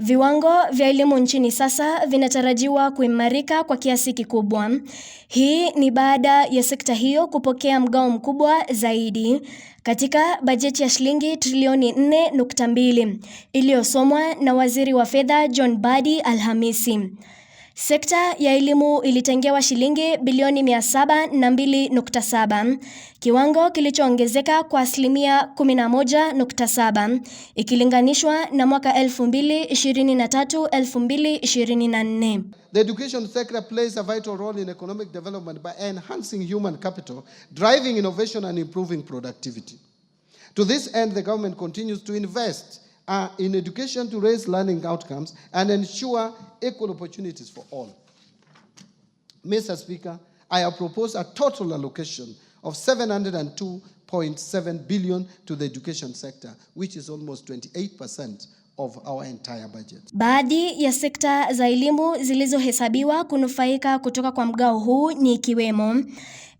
Viwango vya elimu nchini sasa vinatarajiwa kuimarika kwa kiasi kikubwa. Hii ni baada ya sekta hiyo kupokea mgao mkubwa zaidi katika bajeti ya shilingi trilioni 4.2 iliyosomwa na Waziri wa Fedha John Badi Alhamisi. Sekta ya elimu ilitengewa shilingi bilioni 702.7, kiwango kilichoongezeka kwa asilimia 11.7 ikilinganishwa na mwaka 2023-2024. The education sector plays a vital role in economic development by enhancing human capital, driving innovation and improving productivity. To this end, the government continues to invest uh, in education to raise learning outcomes and ensure equal opportunities for all. Mr. Speaker, I have proposed a total allocation of 702.7 billion to the education sector, which is almost 28% of our entire budget. Baadhi ya sekta za elimu zilizohesabiwa kunufaika kutoka kwa mgao huu ni ikiwemo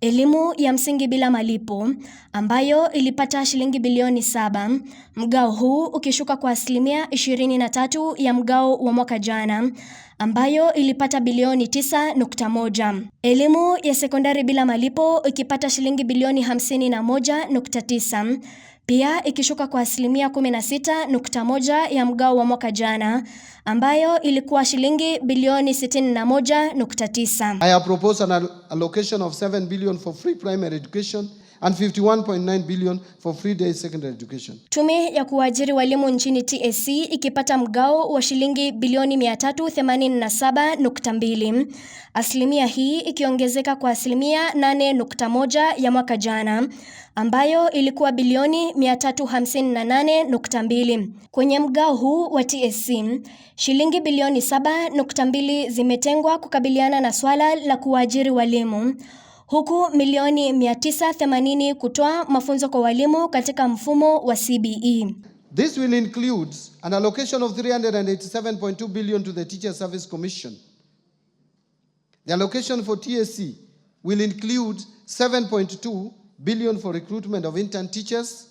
elimu ya msingi bila malipo ambayo ilipata shilingi bilioni saba, mgao huu ukishuka kwa asilimia 23 ya mgao wa mwaka jana ambayo ilipata bilioni 9.1. Elimu ya sekondari bila malipo ikipata shilingi bilioni 51.9 pia ikishuka kwa asilimia 16.1 ya mgao wa mwaka jana ambayo ilikuwa shilingi bilioni 61.9. I have proposed an allocation of 7 billion for free primary education and 51.9 billion for free day secondary education. Tume ya kuajiri walimu nchini TSC ikipata mgao wa shilingi bilioni 387.2, asilimia hii ikiongezeka kwa asilimia 8.1 ya mwaka jana ambayo ilikuwa bilioni 358.2. Kwenye mgao huu wa TSC, shilingi bilioni 7.2 zimetengwa kukabiliana na swala la kuajiri walimu huku milioni 980 kutoa mafunzo kwa walimu katika mfumo wa CBE. This will include an allocation of 387.2 billion to the Teacher Service Commission. The allocation for TSC will include 7.2 billion for recruitment of intern teachers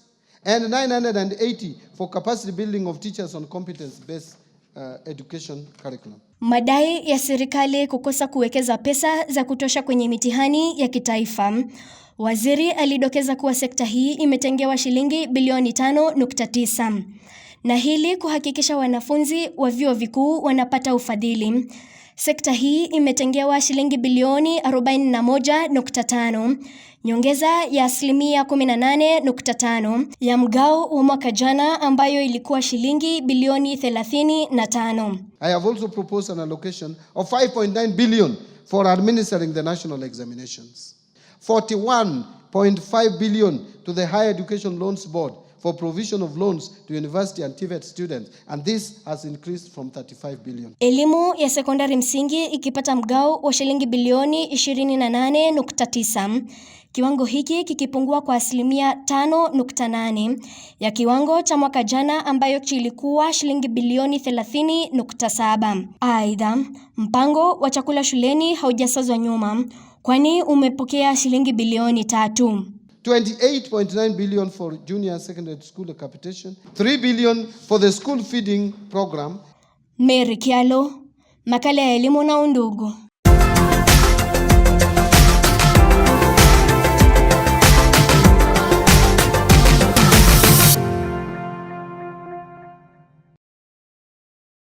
and 980 for capacity building of teachers on competence based uh, education curriculum. Madai ya serikali kukosa kuwekeza pesa za kutosha kwenye mitihani ya kitaifa. Waziri alidokeza kuwa sekta hii imetengewa shilingi bilioni 5.9 na hili kuhakikisha wanafunzi wa vyuo vikuu wanapata ufadhili. Sekta hii imetengewa shilingi bilioni 41.5, nyongeza ya asilimia 18.5 ya mgao wa mwaka jana ambayo ilikuwa shilingi bilioni 35. I have also proposed an allocation of 5.9 billion for administering the national examinations. 41.5 billion to the Higher Education Loans Board for provision of loans to university and TVET students and this has increased from 35 billion. Elimu ya sekondari msingi ikipata mgao wa shilingi bilioni 28.9, kiwango hiki kikipungua kwa asilimia 5.8 ya kiwango cha mwaka jana ambayo kilikuwa shilingi bilioni 30.7. Aidha, mpango wa chakula shuleni haujasazwa nyuma kwani umepokea shilingi bilioni tatu. 28.9 billion for junior secondary school capitation, 3 billion for the school feeding program. Mary Kialo, makala ya elimu na Undugu.